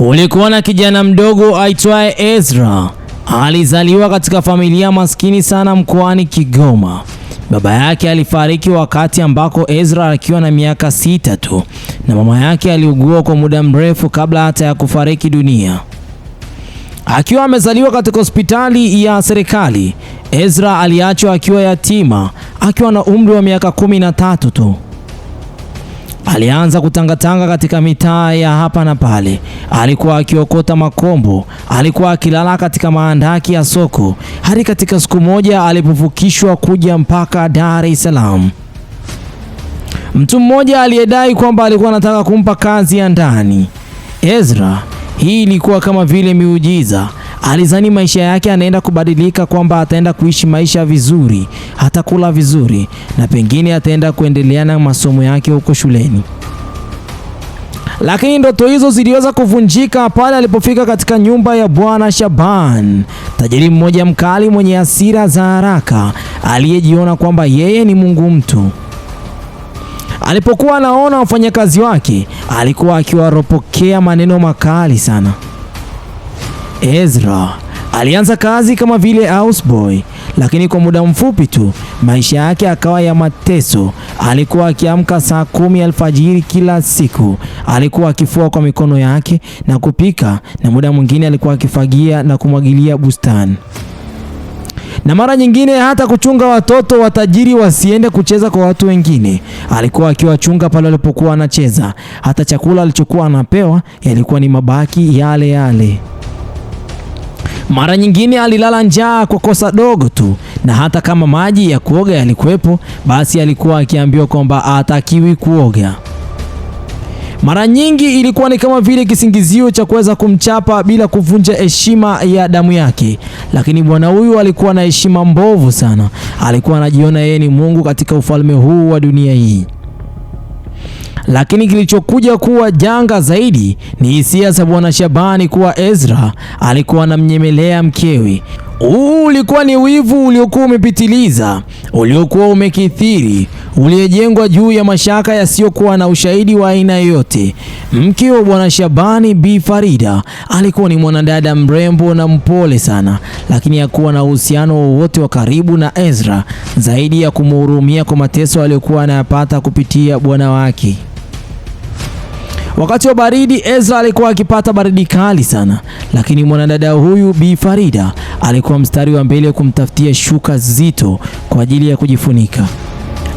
Kulikuwa na kijana mdogo aitwaye Ezra. Alizaliwa katika familia maskini sana mkoani Kigoma. Baba yake alifariki wakati ambako Ezra akiwa na miaka sita tu, na mama yake aliugua kwa muda mrefu kabla hata ya kufariki dunia. Akiwa amezaliwa katika hospitali ya serikali, Ezra aliachwa akiwa yatima akiwa na umri wa miaka kumi na tatu tu. Alianza kutangatanga katika mitaa ya hapa na pale, alikuwa akiokota makombo, alikuwa akilala katika maandaki ya soko, hadi katika siku moja alipovukishwa kuja mpaka Dar es Salaam. Mtu mmoja aliyedai kwamba alikuwa anataka kumpa kazi ya ndani Ezra. Hii ilikuwa kama vile miujiza. Alizani maisha yake anaenda kubadilika, kwamba ataenda kuishi maisha vizuri, atakula vizuri na pengine ataenda kuendelea na masomo yake huko shuleni. Lakini ndoto hizo ziliweza kuvunjika pale alipofika katika nyumba ya Bwana Shaban, tajiri mmoja mkali mwenye hasira za haraka aliyejiona kwamba yeye ni Mungu mtu. Alipokuwa anaona wafanyakazi wake, alikuwa akiwaropokea maneno makali sana. Ezra alianza kazi kama vile houseboy, lakini kwa muda mfupi tu maisha yake akawa ya mateso. Alikuwa akiamka saa kumi alfajiri kila siku, alikuwa akifua kwa mikono yake na kupika, na muda mwingine alikuwa akifagia na kumwagilia bustani na mara nyingine hata kuchunga watoto watajiri wasiende kucheza kwa watu wengine. Alikuwa akiwachunga pale walipokuwa anacheza. Hata chakula alichokuwa anapewa yalikuwa ni mabaki yale yale. Mara nyingine alilala njaa kwa kosa dogo tu, na hata kama maji ya kuoga yalikuwepo, basi alikuwa akiambiwa kwamba hatakiwi kuoga. Mara nyingi ilikuwa ni kama vile kisingizio cha kuweza kumchapa bila kuvunja heshima ya damu yake, lakini bwana huyu alikuwa na heshima mbovu sana. Alikuwa anajiona yeye ni Mungu katika ufalme huu wa dunia hii. Lakini kilichokuja kuwa janga zaidi ni hisia za Bwana Shabani kuwa Ezra alikuwa anamnyemelea mkewe. Huu ulikuwa ni wivu uliokuwa umepitiliza, uliokuwa umekithiri, uliyejengwa juu ya mashaka yasiyokuwa na ushahidi wa aina yoyote. Mke wa Bwana Shabani, Bi Farida, alikuwa ni mwanadada mrembo na mpole sana, lakini hakuwa na uhusiano wowote wa karibu na Ezra zaidi ya kumhurumia kwa mateso aliyokuwa anayapata kupitia bwana wake. Wakati wa baridi, Ezra alikuwa akipata baridi kali sana, lakini mwanadada huyu Bi Farida alikuwa mstari wa mbele kumtafutia shuka zito kwa ajili ya kujifunika.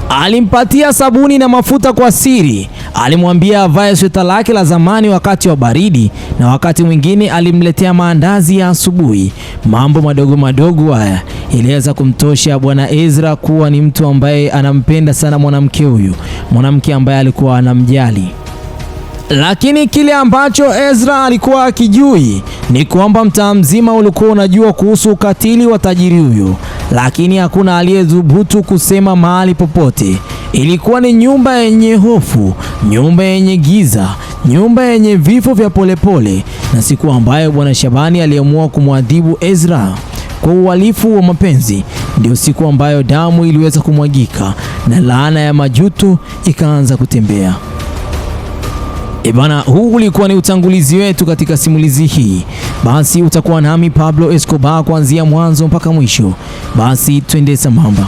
Alimpatia sabuni na mafuta kwa siri. Alimwambia avae sweta lake la zamani wakati wa baridi, na wakati mwingine alimletea maandazi ya asubuhi. Mambo madogo madogo haya iliweza kumtosha Bwana Ezra kuwa ni mtu ambaye anampenda sana mwanamke huyu, mwanamke ambaye alikuwa anamjali. Lakini kile ambacho Ezra alikuwa akijui ni kwamba mtaa mzima ulikuwa unajua kuhusu ukatili wa tajiri huyo, lakini hakuna aliyedhubutu kusema mahali popote. Ilikuwa ni nyumba yenye hofu, nyumba yenye giza, nyumba yenye vifo vya polepole, na siku ambayo bwana Shabani aliamua kumwadhibu Ezra kwa uhalifu wa mapenzi, ndio siku ambayo damu iliweza kumwagika na laana ya majuto ikaanza kutembea. Ebana, huu ulikuwa ni utangulizi wetu katika simulizi hii. Basi utakuwa nami Pablo Escobar kuanzia mwanzo mpaka mwisho. Basi twende sambamba.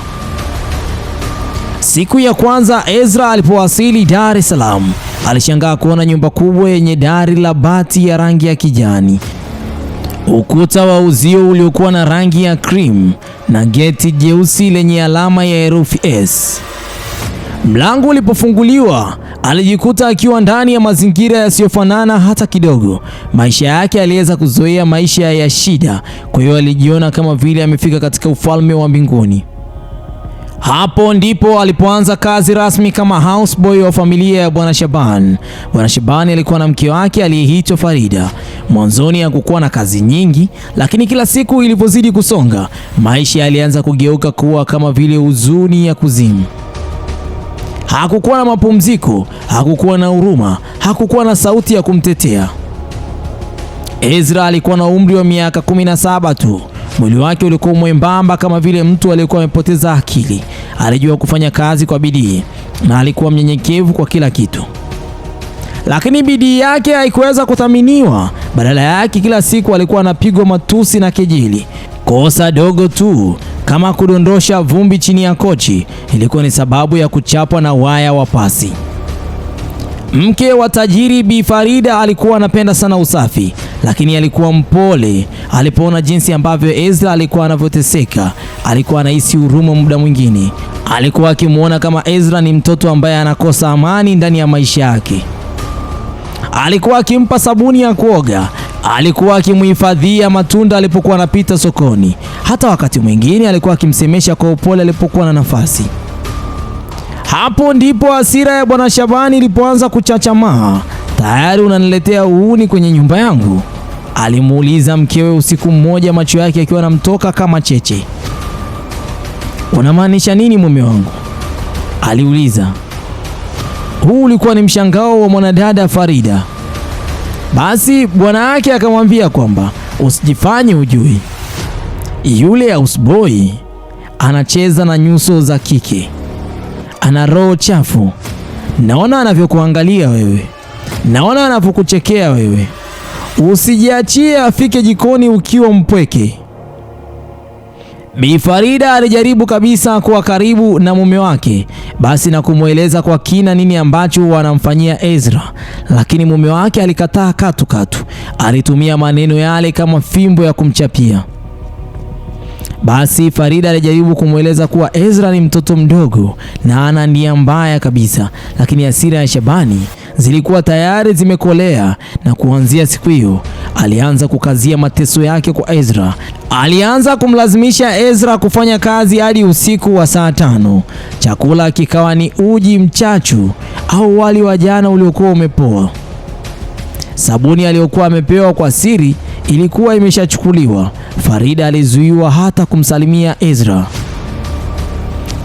Siku ya kwanza Ezra alipowasili Dar es Salaam, alishangaa kuona nyumba kubwa yenye dari la bati ya rangi ya kijani, ukuta wa uzio uliokuwa na rangi ya cream na geti jeusi lenye alama ya herufi S. Mlango ulipofunguliwa alijikuta akiwa ndani ya mazingira yasiyofanana hata kidogo. Maisha yake aliweza kuzoea maisha ya shida, kwa hiyo alijiona kama vile amefika katika ufalme wa mbinguni. Hapo ndipo alipoanza kazi rasmi kama houseboy wa familia ya Bwana Shaban. Bwana Shaban alikuwa na mke wake aliyeitwa Farida. Mwanzoni hakukuwa na kazi nyingi, lakini kila siku ilivyozidi kusonga, maisha yalianza kugeuka kuwa kama vile huzuni ya kuzimu. Hakukuwa na mapumziko, hakukuwa na huruma, hakukuwa na sauti ya kumtetea. Ezra alikuwa na umri wa miaka 17 tu. Mwili wake ulikuwa mwembamba kama vile mtu aliyekuwa amepoteza akili. Alijua kufanya kazi kwa bidii na alikuwa mnyenyekevu kwa kila kitu, lakini bidii yake haikuweza kuthaminiwa. Badala yake, kila siku alikuwa anapigwa matusi na kejeli. Kosa dogo tu kama kudondosha vumbi chini ya kochi ilikuwa ni sababu ya kuchapwa na waya wa pasi. Mke wa tajiri Bi Farida alikuwa anapenda sana usafi, lakini alikuwa mpole. Alipoona jinsi ambavyo Ezra alikuwa anavyoteseka, alikuwa anahisi huruma. Muda mwingine alikuwa akimwona kama Ezra ni mtoto ambaye anakosa amani ndani ya maisha yake. Alikuwa akimpa sabuni ya kuoga alikuwa akimhifadhia matunda alipokuwa anapita sokoni. Hata wakati mwingine alikuwa akimsemesha kwa upole alipokuwa na nafasi. Hapo ndipo hasira ya bwana Shabani ilipoanza kuchachamaa. Tayari unaniletea uuni kwenye nyumba yangu, alimuuliza mkewe usiku mmoja, macho yake akiwa anamtoka kama cheche. Unamaanisha nini mume wangu? aliuliza. Huu ulikuwa ni mshangao wa mwanadada Farida. Basi bwana yake akamwambia kwamba usijifanye hujui, yule ausboi anacheza na nyuso za kike, ana roho chafu. Naona anavyokuangalia wewe, naona anavyokuchekea wewe. Usijiachie afike jikoni ukiwa mpweke. Bi Farida alijaribu kabisa kuwa karibu na mume wake basi na kumweleza kwa kina nini ambacho wanamfanyia Ezra, lakini mume wake alikataa katukatu. Alitumia maneno yale kama fimbo ya kumchapia. Basi Farida alijaribu kumweleza kuwa Ezra ni mtoto mdogo na ana nia mbaya kabisa, lakini hasira ya Shabani zilikuwa tayari zimekolea, na kuanzia siku hiyo alianza kukazia mateso yake kwa Ezra. Alianza kumlazimisha Ezra kufanya kazi hadi usiku wa saa tano. Chakula kikawa ni uji mchachu au wali wa jana uliokuwa umepoa. Sabuni aliyokuwa amepewa kwa siri ilikuwa imeshachukuliwa. Farida alizuiwa hata kumsalimia Ezra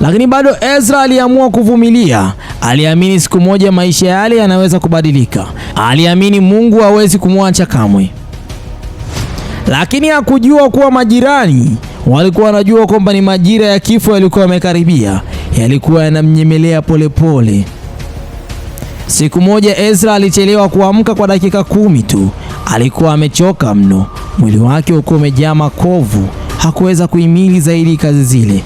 lakini bado Ezra aliamua kuvumilia. Aliamini siku moja maisha yale yanaweza kubadilika. Aliamini Mungu hawezi kumwacha kamwe, lakini hakujua kuwa majirani walikuwa wanajua kwamba ni majira ya kifo yalikuwa yamekaribia, yalikuwa yanamnyemelea polepole. Siku moja Ezra alichelewa kuamka kwa dakika kumi tu. Alikuwa amechoka mno, mwili wake ulikuwa umejaa makovu, hakuweza kuhimili zaidi kazi zile.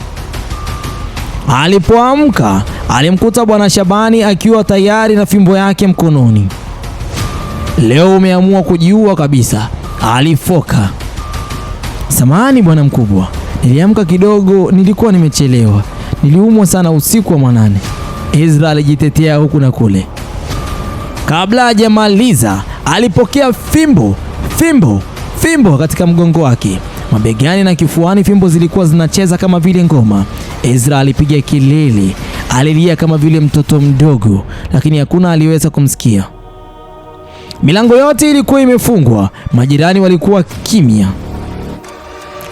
Alipoamka alimkuta bwana Shabani akiwa tayari na fimbo yake mkononi. Leo umeamua kujiua kabisa, alifoka. Samahani bwana mkubwa, niliamka kidogo, nilikuwa nimechelewa, niliumwa sana usiku wa manane, Ezra alijitetea huku na kule. Kabla hajamaliza alipokea fimbo fimbo fimbo katika mgongo wake, mabegani na kifuani. Fimbo zilikuwa zinacheza kama vile ngoma. Ezra alipiga kilele alilia kama vile mtoto mdogo, lakini hakuna aliweza kumsikia. Milango yote ilikuwa imefungwa, majirani walikuwa kimya.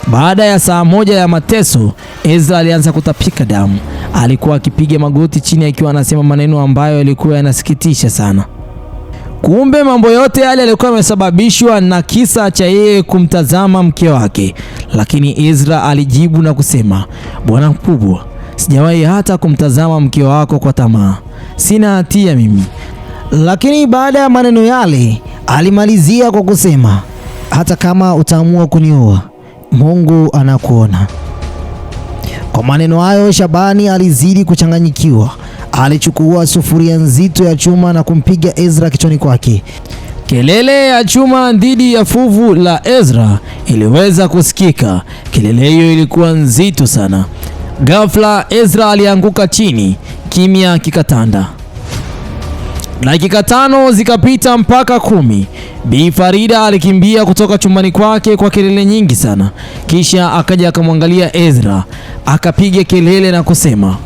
Baada ya saa moja ya mateso, Ezra alianza kutapika damu. Alikuwa akipiga magoti chini, akiwa anasema maneno ambayo yalikuwa yanasikitisha sana. Kumbe mambo yote yale yalikuwa yamesababishwa na kisa cha yeye kumtazama mke wake. Lakini Ezra alijibu na kusema, bwana mkubwa, sijawahi hata kumtazama mke wako kwa tamaa, sina hatia mimi. Lakini baada ya maneno yale alimalizia kwa kusema, hata kama utaamua kunioa, Mungu anakuona. Kwa maneno hayo, Shabani alizidi kuchanganyikiwa alichukua sufuria nzito ya chuma na kumpiga Ezra kichwani kwake. Kelele ya chuma dhidi ya fuvu la Ezra iliweza kusikika. Kelele hiyo ilikuwa nzito sana. Ghafla Ezra alianguka chini, kimya kikatanda. Dakika tano zikapita mpaka kumi. Bi Farida alikimbia kutoka chumbani kwake kwa kelele nyingi sana, kisha akaja akamwangalia Ezra, akapiga kelele na kusema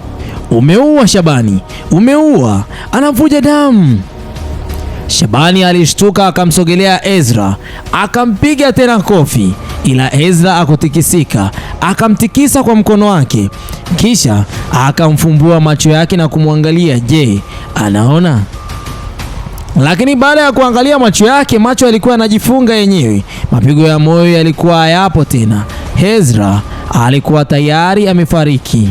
umeua Shabani, umeua, anavuja damu. Shabani alishtuka akamsogelea Ezra akampiga tena kofi, ila Ezra akutikisika, akamtikisa kwa mkono wake, kisha akamfumbua macho yake na kumwangalia, je, anaona? Lakini baada ya kuangalia macho yake, macho yalikuwa yanajifunga yenyewe, mapigo ya moyo yalikuwa hayapo tena. Ezra alikuwa tayari amefariki.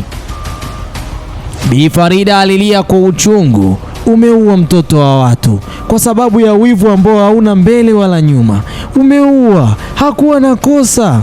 Bi Farida alilia kwa uchungu, umeua mtoto wa watu kwa sababu ya wivu ambao hauna mbele wala nyuma. Umeua, hakuwa na kosa.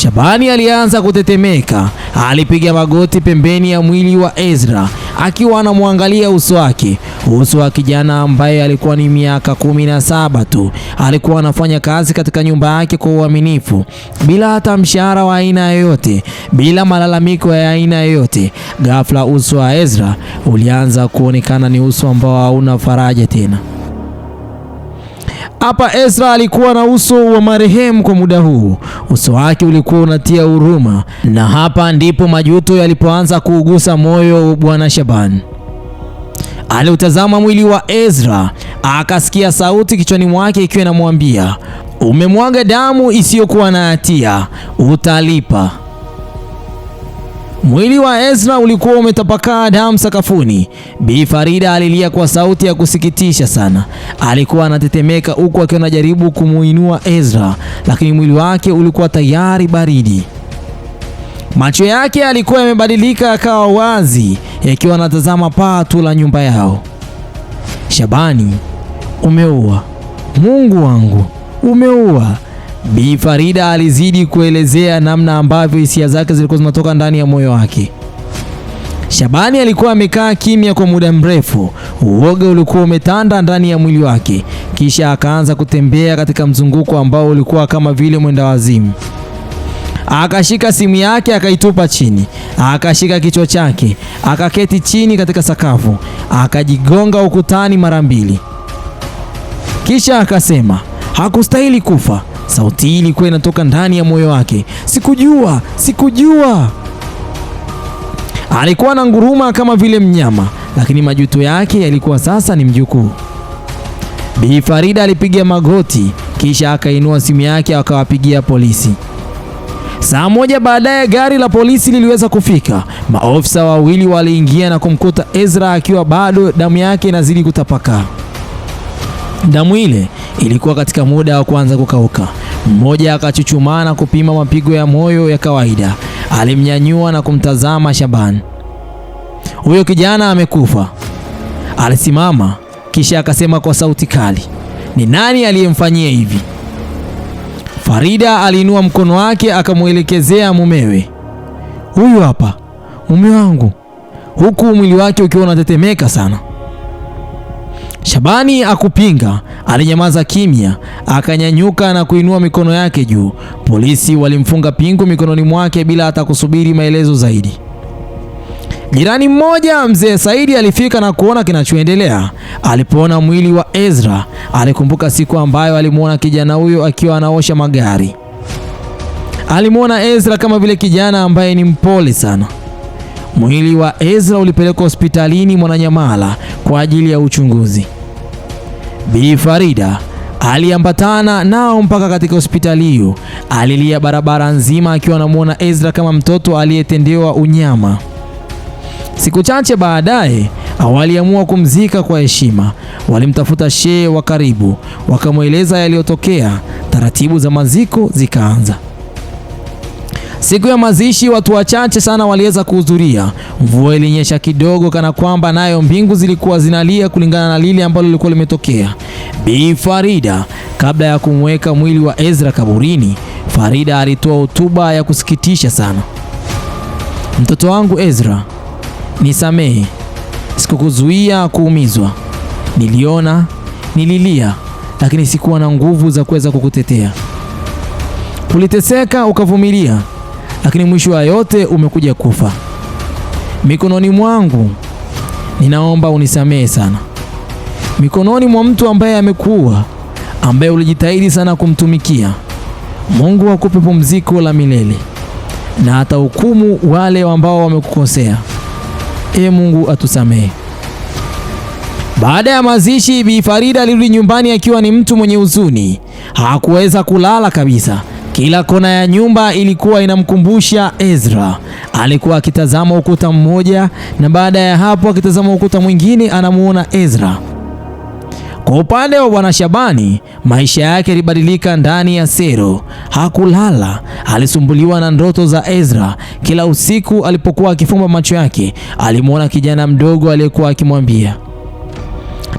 Shabani alianza kutetemeka. Alipiga magoti pembeni ya mwili wa Ezra akiwa anamwangalia uso wake, uso wa kijana ambaye alikuwa ni miaka kumi na saba tu. Alikuwa anafanya kazi katika nyumba yake kwa uaminifu, bila hata mshahara wa aina yoyote, bila malalamiko ya aina yoyote. Ghafla uso wa Ezra ulianza kuonekana ni uso ambao hauna faraja tena. Hapa Ezra alikuwa na uso wa marehemu kwa muda huu. Uso wake ulikuwa unatia huruma, na hapa ndipo majuto yalipoanza kuugusa moyo wa Bwana Shaban. Aliutazama mwili wa Ezra, akasikia sauti kichwani mwake ikiwa inamwambia, umemwaga damu isiyokuwa na hatia, utalipa. Mwili wa Ezra ulikuwa umetapakaa damu sakafuni. Bi Farida alilia kwa sauti ya kusikitisha sana. Alikuwa anatetemeka huku akiwa anajaribu kumuinua Ezra, lakini mwili wake ulikuwa tayari baridi. Macho yake alikuwa yamebadilika akawa wazi, yakiwa anatazama paa tu la nyumba yao. Shabani, umeua! Mungu wangu, umeua! Bi Farida alizidi kuelezea namna ambavyo hisia zake zilikuwa zinatoka ndani ya moyo wake. Shabani alikuwa amekaa kimya kwa muda mrefu, uoga ulikuwa umetanda ndani ya mwili wake, kisha akaanza kutembea katika mzunguko ambao ulikuwa kama vile mwendawazimu. Akashika simu yake akaitupa chini, akashika kichwa chake, akaketi chini katika sakafu, akajigonga ukutani mara mbili, kisha akasema hakustahili kufa. Sauti hii ilikuwa inatoka ndani ya moyo wake. Sikujua, sikujua. Alikuwa na nguruma kama vile mnyama, lakini majuto yake yalikuwa sasa ni mjukuu. Bi Farida alipiga magoti, kisha akainua simu yake akawapigia polisi. Saa moja baadaye gari la polisi liliweza kufika. Maofisa wawili waliingia na kumkuta Ezra akiwa bado damu yake inazidi kutapakaa. Damu ile ilikuwa katika muda wa kuanza kukauka. Mmoja akachuchumaa na kupima mapigo ya moyo ya kawaida. Alimnyanyua na kumtazama Shaban. Huyo kijana amekufa. Alisimama kisha akasema kwa sauti kali, ni nani aliyemfanyia hivi? Farida aliinua mkono wake akamwelekezea mumewe. Huyu hapa mume wangu, huku mwili wake ukiwa unatetemeka sana. Shabani akupinga, alinyamaza kimya, akanyanyuka na kuinua mikono yake juu. Polisi walimfunga pingu mikononi mwake bila hata kusubiri maelezo zaidi. Jirani mmoja mzee Saidi alifika na kuona kinachoendelea. Alipoona mwili wa Ezra, alikumbuka siku ambayo alimwona kijana huyo akiwa anaosha magari. Alimwona Ezra kama vile kijana ambaye ni mpole sana. Mwili wa Ezra ulipelekwa hospitalini Mwananyamala kwa ajili ya uchunguzi. Bi Farida aliambatana nao mpaka katika hospitali hiyo. Alilia barabara nzima akiwa anamwona Ezra kama mtoto aliyetendewa unyama. Siku chache baadaye waliamua kumzika kwa heshima. Walimtafuta shehe wa karibu, wakamweleza yaliyotokea. Taratibu za maziko zikaanza. Siku ya mazishi watu wachache sana waliweza kuhudhuria. Mvua ilinyesha kidogo, kana kwamba nayo mbingu zilikuwa zinalia kulingana na lile ambalo lilikuwa limetokea. Bi Farida, kabla ya kumweka mwili wa Ezra kaburini, Farida alitoa hotuba ya kusikitisha sana. Mtoto wangu Ezra, nisamehe, sikukuzuia kuumizwa. Niliona, nililia, lakini sikuwa na nguvu za kuweza kukutetea. Uliteseka ukavumilia, lakini mwisho wa yote umekuja kufa mikononi mwangu. Ninaomba unisamehe sana, mikononi mwa mtu ambaye amekuwa ambaye ulijitahidi sana kumtumikia. Mungu akupe pumziko la milele na hata hukumu wale ambao wamekukosea. Ee Mungu, atusamehe. Baada ya mazishi, Bi Farida alirudi nyumbani akiwa ni mtu mwenye huzuni, hakuweza kulala kabisa. Kila kona ya nyumba ilikuwa inamkumbusha Ezra. Alikuwa akitazama ukuta mmoja na baada ya hapo akitazama ukuta mwingine, anamuona Ezra. Kwa upande wa bwana Shabani, maisha yake yalibadilika ndani ya sero. Hakulala, alisumbuliwa na ndoto za Ezra. Kila usiku alipokuwa akifumba macho yake, alimwona kijana mdogo aliyekuwa akimwambia,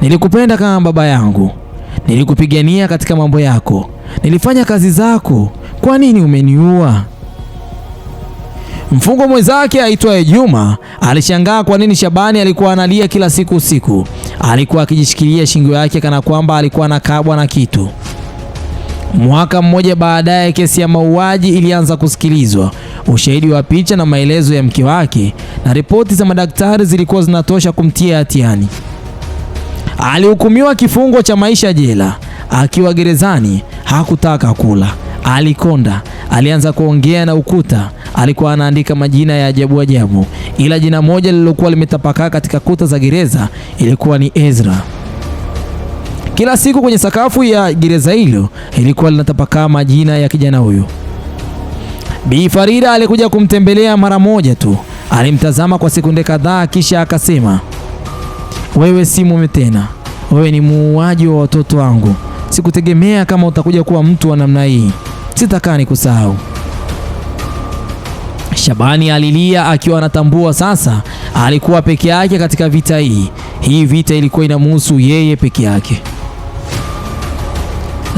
nilikupenda kama baba yangu, nilikupigania katika mambo yako, nilifanya kazi zako, kwa nini umeniua? Mfungwa mwenzake aitwaye Juma alishangaa kwa nini Shabani alikuwa analia kila siku usiku. Alikuwa akijishikilia shingo yake kana kwamba alikuwa anakabwa na kitu. Mwaka mmoja baadaye, kesi ya mauaji ilianza kusikilizwa. Ushahidi wa picha na maelezo ya mke wake na ripoti za madaktari zilikuwa zinatosha kumtia hatiani. Alihukumiwa kifungo cha maisha jela. Akiwa gerezani hakutaka kula. Alikonda alianza kuongea na ukuta. Alikuwa anaandika majina ya ajabu ajabu, ila jina moja lililokuwa limetapakaa katika kuta za gereza ilikuwa ni Ezra. Kila siku kwenye sakafu ya gereza hilo ilikuwa linatapakaa majina ya kijana huyo. Bi Farida alikuja kumtembelea mara moja tu, alimtazama kwa sekunde kadhaa, kisha akasema, wewe si mume tena, wewe ni muuaji wa watoto wangu. Sikutegemea kama utakuja kuwa mtu wa namna hii sitakaa kusahau Shabani alilia akiwa anatambua sasa alikuwa peke yake katika vita hii. Hii vita ilikuwa inamhusu yeye peke yake.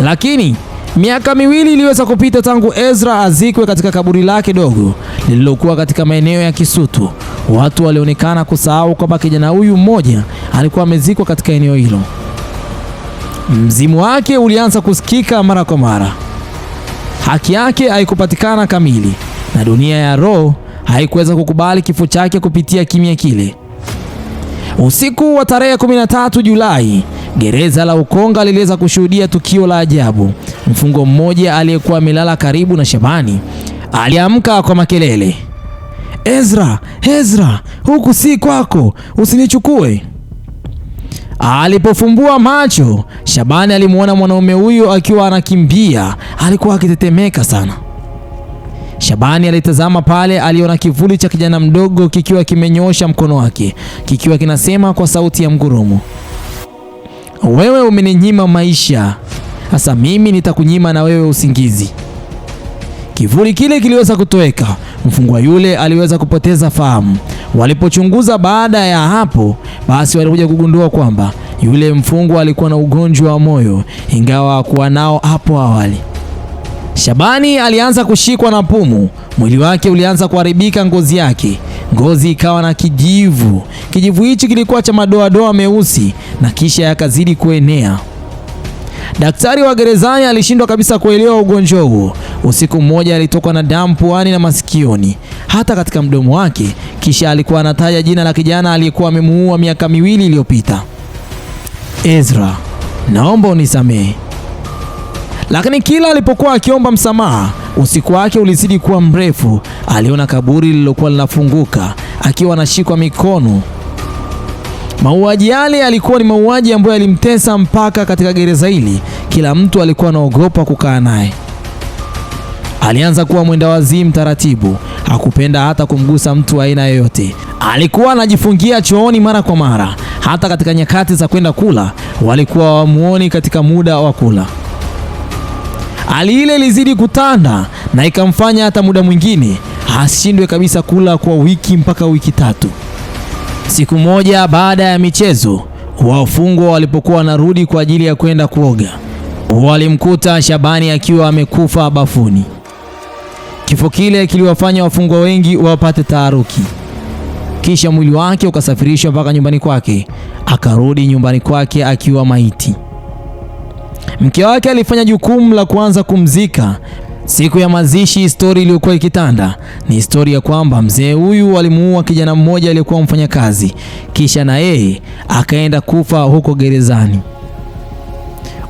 Lakini miaka miwili iliweza kupita tangu Ezra azikwe katika kaburi lake dogo lililokuwa katika maeneo ya Kisutu. Watu walionekana kusahau kwamba kijana huyu mmoja alikuwa amezikwa katika eneo hilo. Mzimu wake ulianza kusikika mara kwa mara haki yake haikupatikana kamili na dunia ya roho haikuweza kukubali kifo chake kupitia kimya kile. Usiku wa tarehe 13 Julai, gereza la Ukonga liliweza kushuhudia tukio la ajabu. Mfungo mmoja aliyekuwa amelala karibu na Shabani aliamka kwa makelele, Ezra, Ezra, huku si kwako, usinichukue! Alipofumbua macho, Shabani alimwona mwanaume huyo akiwa anakimbia. Alikuwa akitetemeka sana. Shabani alitazama pale, aliona kivuli cha kijana mdogo kikiwa kimenyoosha mkono wake, kikiwa kinasema kwa sauti ya mgurumo, wewe umeninyima maisha, sasa mimi nitakunyima na wewe usingizi. Kivuli kile kiliweza kutoweka, mfungwa yule aliweza kupoteza fahamu. Walipochunguza baada ya hapo, basi walikuja kugundua kwamba yule mfungwa alikuwa na ugonjwa wa moyo, ingawa hakuwa nao hapo awali. Shabani alianza kushikwa na pumu, mwili wake ulianza kuharibika, ngozi yake ngozi ikawa na kijivu. Kijivu hichi kilikuwa cha madoadoa meusi na kisha yakazidi kuenea. Daktari wa gerezani alishindwa kabisa kuelewa ugonjwa huo. Usiku mmoja alitokwa na damu puani na masikioni, hata katika mdomo wake. Kisha alikuwa anataja jina la kijana aliyekuwa amemuua miaka miwili iliyopita. Ezra, naomba unisamehe. Lakini kila alipokuwa akiomba msamaha, usiku wake ulizidi kuwa mrefu. Aliona kaburi lililokuwa linafunguka, akiwa anashikwa mikono Mauaji yale yalikuwa ni mauaji ambayo yalimtesa mpaka katika gereza hili, kila mtu alikuwa anaogopa kukaa naye. Alianza kuwa mwenda wazimu taratibu, hakupenda hata kumgusa mtu aina yoyote. Alikuwa anajifungia chooni mara kwa mara, hata katika nyakati za kwenda kula walikuwa hawamuoni katika muda wa kula. Hali ile ilizidi kutanda na ikamfanya hata muda mwingine ashindwe kabisa kula kwa wiki mpaka wiki tatu. Siku moja baada ya michezo, wafungwa walipokuwa wanarudi kwa ajili ya kwenda kuoga, walimkuta Shabani akiwa amekufa bafuni. Kifo kile kiliwafanya wafungwa wengi wapate taharuki. Kisha mwili wake ukasafirishwa mpaka nyumbani kwake, akarudi nyumbani kwake akiwa maiti. Mke wake alifanya jukumu la kuanza kumzika Siku ya mazishi, stori iliyokuwa ikitanda ni stori ya kwamba mzee huyu alimuua kijana mmoja aliyekuwa mfanyakazi, kisha na yeye akaenda kufa huko gerezani.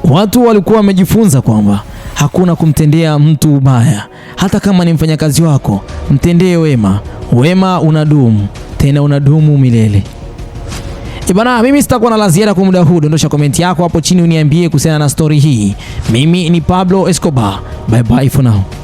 Watu walikuwa wamejifunza kwamba hakuna kumtendea mtu ubaya, hata kama ni mfanyakazi wako, mtendee wema. Wema unadumu, tena unadumu milele. Eh, bana, mimi sitakuwa na la ziada kwa muda huu. Dondosha komenti yako hapo chini uniambie kuhusiana na stori hii. Mimi ni Pablo Escobar. Bye bye for now.